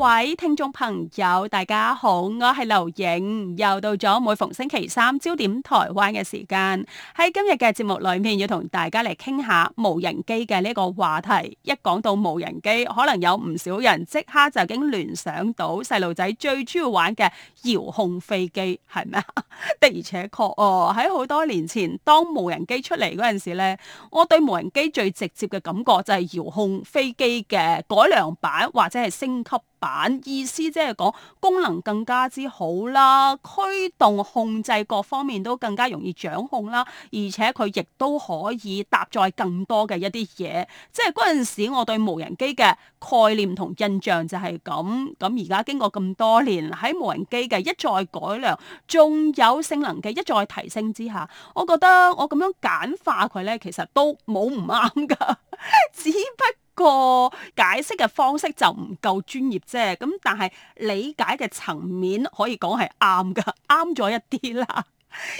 各位聽眾朋友，大家好，我係劉影，又到咗每逢星期三焦點台灣嘅時間。喺今日嘅節目裏面，要同大家嚟傾下無人機嘅呢個話題。一講到無人機，可能有唔少人即刻就已經聯想到細路仔最中意玩嘅遙控飛機，係咪啊？的 而且確哦，喺好多年前當無人機出嚟嗰陣時咧，我對無人機最直接嘅感覺就係遙控飛機嘅改良版或者係升級。版意思即係講功能更加之好啦，驅動控制各方面都更加容易掌控啦，而且佢亦都可以搭載更多嘅一啲嘢。即係嗰陣時，我對無人機嘅概念同印象就係咁。咁而家經過咁多年喺無人機嘅一再改良，仲有性能嘅一再提升之下，我覺得我咁樣簡化佢呢，其實都冇唔啱噶，只不。個解釋嘅方式就唔夠專業啫，咁但係理解嘅層面可以講係啱㗎，啱咗一啲啦。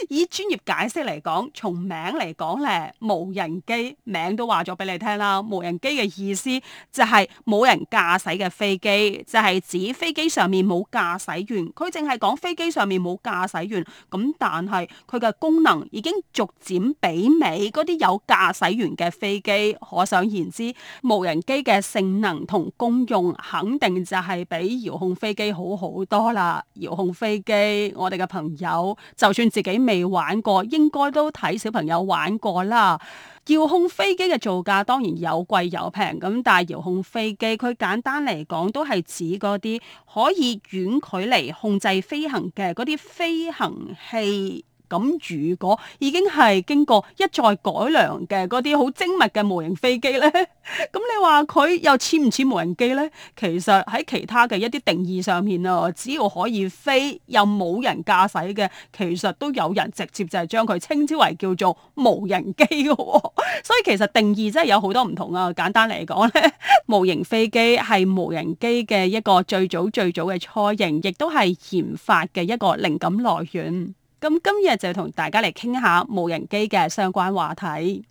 以專業解釋嚟講，從名嚟講咧，無人機名都話咗俾你聽啦。無人機嘅意思就係冇人駕駛嘅飛機，就係指飛機上面冇駕駛員，佢淨係講飛機上面冇駕駛員。咁但係佢嘅功能已經逐漸媲美嗰啲有駕駛員嘅飛機。可想而知，無人機嘅性能同功用肯定就係比遙控飛機好好多啦。遙控飛機，我哋嘅朋友就算自己。你未玩過，應該都睇小朋友玩過啦。遙控飛機嘅造價當然有貴有平，咁但係遙控飛機，佢簡單嚟講都係指嗰啲可以遠距離控制飛行嘅嗰啲飛行器。咁如果已經係經過一再改良嘅嗰啲好精密嘅模型飛機呢，咁你話佢又似唔似無人機呢？其實喺其他嘅一啲定義上面啊，只要可以飛又冇人駕駛嘅，其實都有人直接就係將佢稱之為叫做無人機嘅。所以其實定義真係有好多唔同啊！簡單嚟講咧，模型飛機係無人機嘅一個最早最早嘅初型，亦都係研發嘅一個靈感來源。咁今日就同大家嚟傾下無人機嘅相關話題。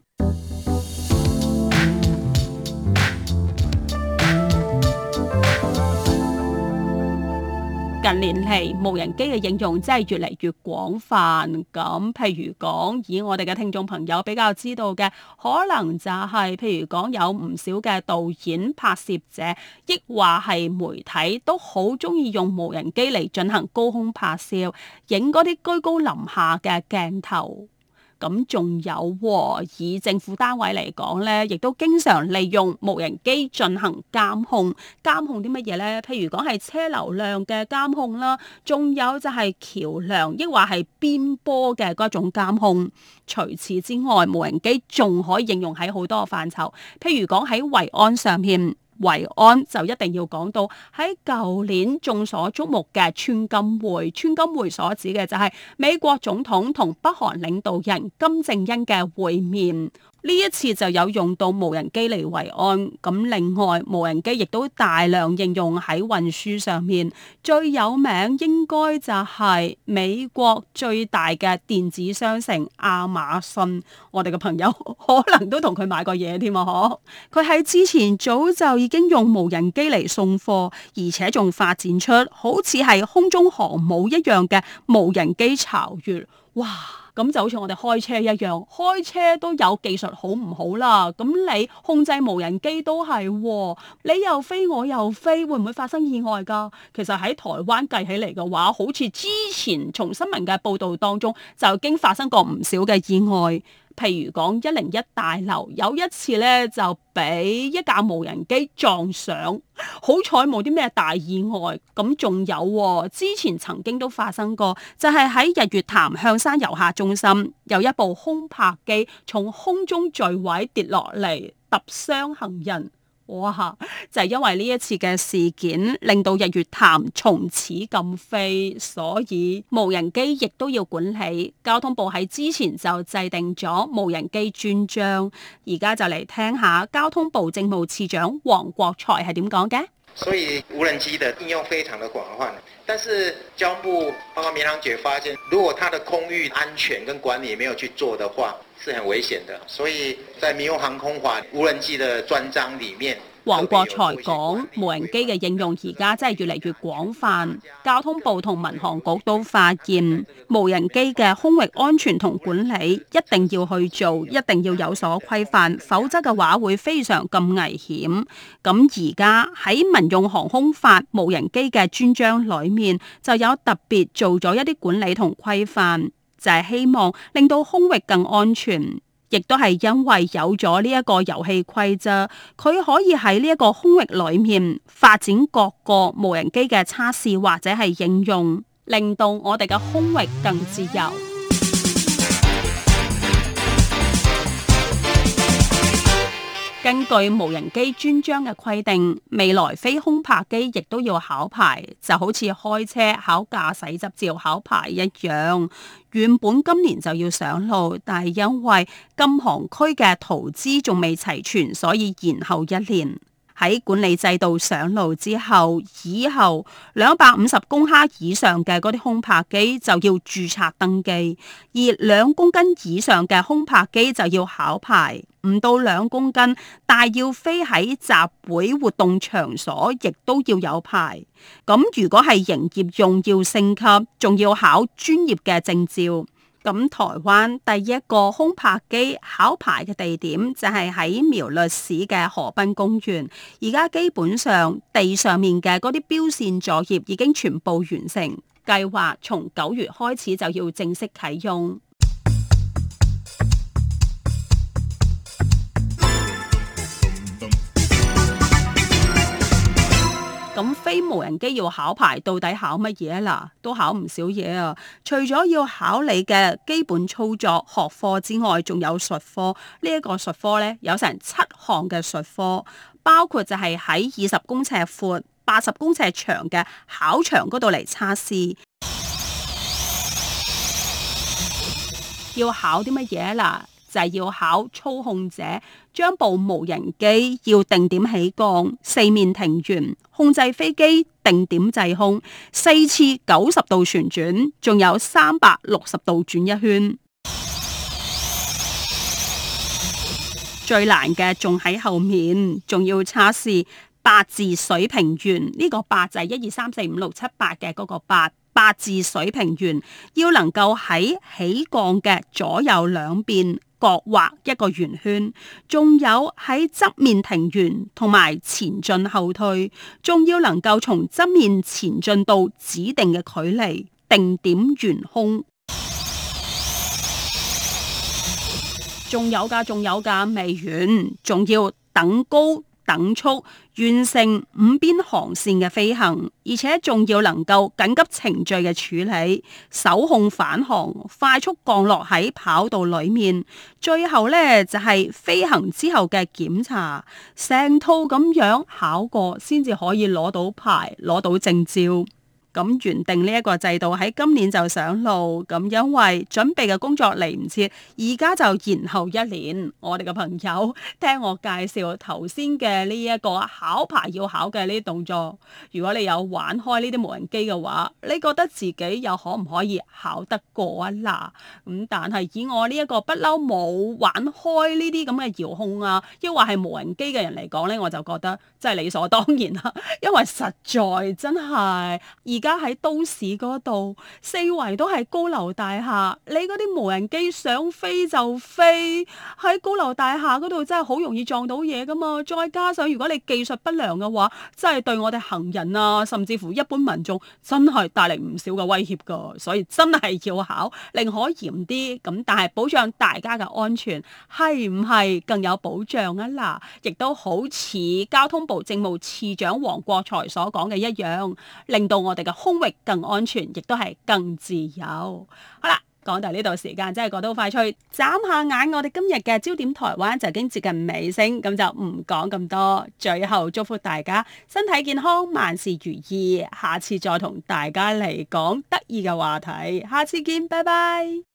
近年嚟，無人機嘅應用真係越嚟越廣泛。咁，譬如講，以我哋嘅聽眾朋友比較知道嘅，可能就係譬如講，有唔少嘅導演、拍攝者，亦或係媒體，都好中意用無人機嚟進行高空拍攝，影嗰啲居高臨下嘅鏡頭。咁仲有，以政府單位嚟講咧，亦都經常利用無人機進行監控。監控啲乜嘢咧？譬如講係車流量嘅監控啦，仲有就係橋梁，抑或係邊坡嘅嗰一種監控。除此之外，無人機仲可以應用喺好多個範疇，譬如講，喺維安上面。維安就一定要講到喺舊年眾所矚目嘅川金會，川金會所指嘅就係美國總統同北韓領導人金正恩嘅會面。呢一次就有用到無人機嚟維安，咁另外無人機亦都大量應用喺運輸上面，最有名應該就係美國最大嘅電子商城亞馬遜，我哋嘅朋友可能都同佢買過嘢添啊！佢喺之前早就已經用無人機嚟送貨，而且仲發展出好似係空中航母一樣嘅無人機巢穴。哇，咁就好似我哋開車一樣，開車都有技術好唔好啦？咁你控制無人機都係喎、哦，你又飛我又飛，會唔會發生意外㗎？其實喺台灣計起嚟嘅話，好似之前從新聞嘅報導當中就已經發生過唔少嘅意外。譬如講一零一大樓，有一次咧就俾一架無人機撞上，好彩冇啲咩大意外。咁仲有哦，之前曾經都發生過，就係、是、喺日月潭向山遊客中心，有一部空拍機從空中墜毀跌落嚟，揼傷行人。哇！就係因為呢一次嘅事件，令到日月潭從此禁飛，所以無人機亦都要管理。交通部喺之前就制定咗無人機專章，而家就嚟聽下交通部政務次長王國才係點講嘅。所以無人機的應用非常的廣泛，但是交通部包括民航局發現，如果它的空域安全跟管理沒有去做的話，是很危險的。所以在民用航空法無人機的專章裡面。王國才講，無人機嘅應用而家真係越嚟越廣泛。交通部同民航局都發現，無人機嘅空域安全同管理一定要去做，一定要有所規範，否則嘅話會非常咁危險。咁而家喺民用航空法無人機嘅專章裏面，就有特別做咗一啲管理同規範，就係希望令到空域更安全。亦都係因為有咗呢一個遊戲規則，佢可以喺呢一個空域裏面發展各個無人機嘅測試或者係應用，令到我哋嘅空域更自由。根據無人機專章嘅規定，未來飛空拍機亦都要考牌，就好似開車考駕駛執照考牌一樣。原本今年就要上路，但係因為金航區嘅圖資仲未齊全，所以延後一年。喺管理制度上路之後，以後兩百五十公克以上嘅嗰啲空拍機就要註冊登記，而兩公斤以上嘅空拍機就要考牌。唔到兩公斤，但要飛喺集會活動場所，亦都要有牌。咁如果係營業用，要升級，仲要考專業嘅證照。咁台灣第一個空拍機考牌嘅地點就係喺苗栗市嘅河濱公園，而家基本上地上面嘅嗰啲標線作業已經全部完成，計劃從九月開始就要正式啟用。非無人機要考牌，到底考乜嘢啊？嗱，都考唔少嘢啊！除咗要考你嘅基本操作學科之外，仲有術科。呢、這、一個術科呢，有成七項嘅術科，包括就係喺二十公尺闊、八十公尺長嘅考場嗰度嚟測試， 要考啲乜嘢啊？嗱。就要考操控者，將部無人機要定點起降、四面停圓、控制飛機定點制空、四次九十度旋轉，仲有三百六十度轉一圈。 最難嘅仲喺後面，仲要測試八字水平圓，呢個八就係一二三四五六七八嘅嗰個八八字水平圓，要能夠喺起降嘅左右兩邊。各畫一個圓圈，仲有喺側面停圓，同埋前進後退，仲要能夠從側面前進到指定嘅距離定點圓空，仲 有㗎，仲有㗎，未完，仲要等高。等速完成五邊航線嘅飛行，而且仲要能夠緊急程序嘅處理、手控返航、快速降落喺跑道裏面，最後咧就係、是、飛行之後嘅檢查，成套咁樣考過先至可以攞到牌、攞到證照。咁原定呢一個制度喺今年就上路，咁因為準備嘅工作嚟唔切，而家就延後一年。我哋嘅朋友聽我介紹頭先嘅呢一個考牌要考嘅呢啲動作，如果你有玩開呢啲無人機嘅話，你覺得自己又可唔可以考得過啊？嗱，咁但係以我呢、這、一個不嬲冇玩開呢啲咁嘅遙控啊，抑或係無人機嘅人嚟講咧，我就覺得真係理所當然啦，因為實在真係。而家喺都市嗰度，四圍都係高樓大廈，你嗰啲無人機想飛就飛，喺高樓大廈嗰度真係好容易撞到嘢噶嘛！再加上如果你技術不良嘅話，真係對我哋行人啊，甚至乎一般民眾，真係帶嚟唔少嘅威脅噶。所以真係要考，寧可嚴啲咁，但係保障大家嘅安全，係唔係更有保障啊嗱！亦都好似交通部政務次長王國才所講嘅一樣，令到我哋嘅。空域更安全，亦都係更自由。好啦，講到呢度時間真係過得好快，脆眨下眼，我哋今日嘅焦點台灣就已經接近尾聲，咁就唔講咁多。最後祝福大家身體健康，萬事如意。下次再同大家嚟講得意嘅話題，下次見，拜拜。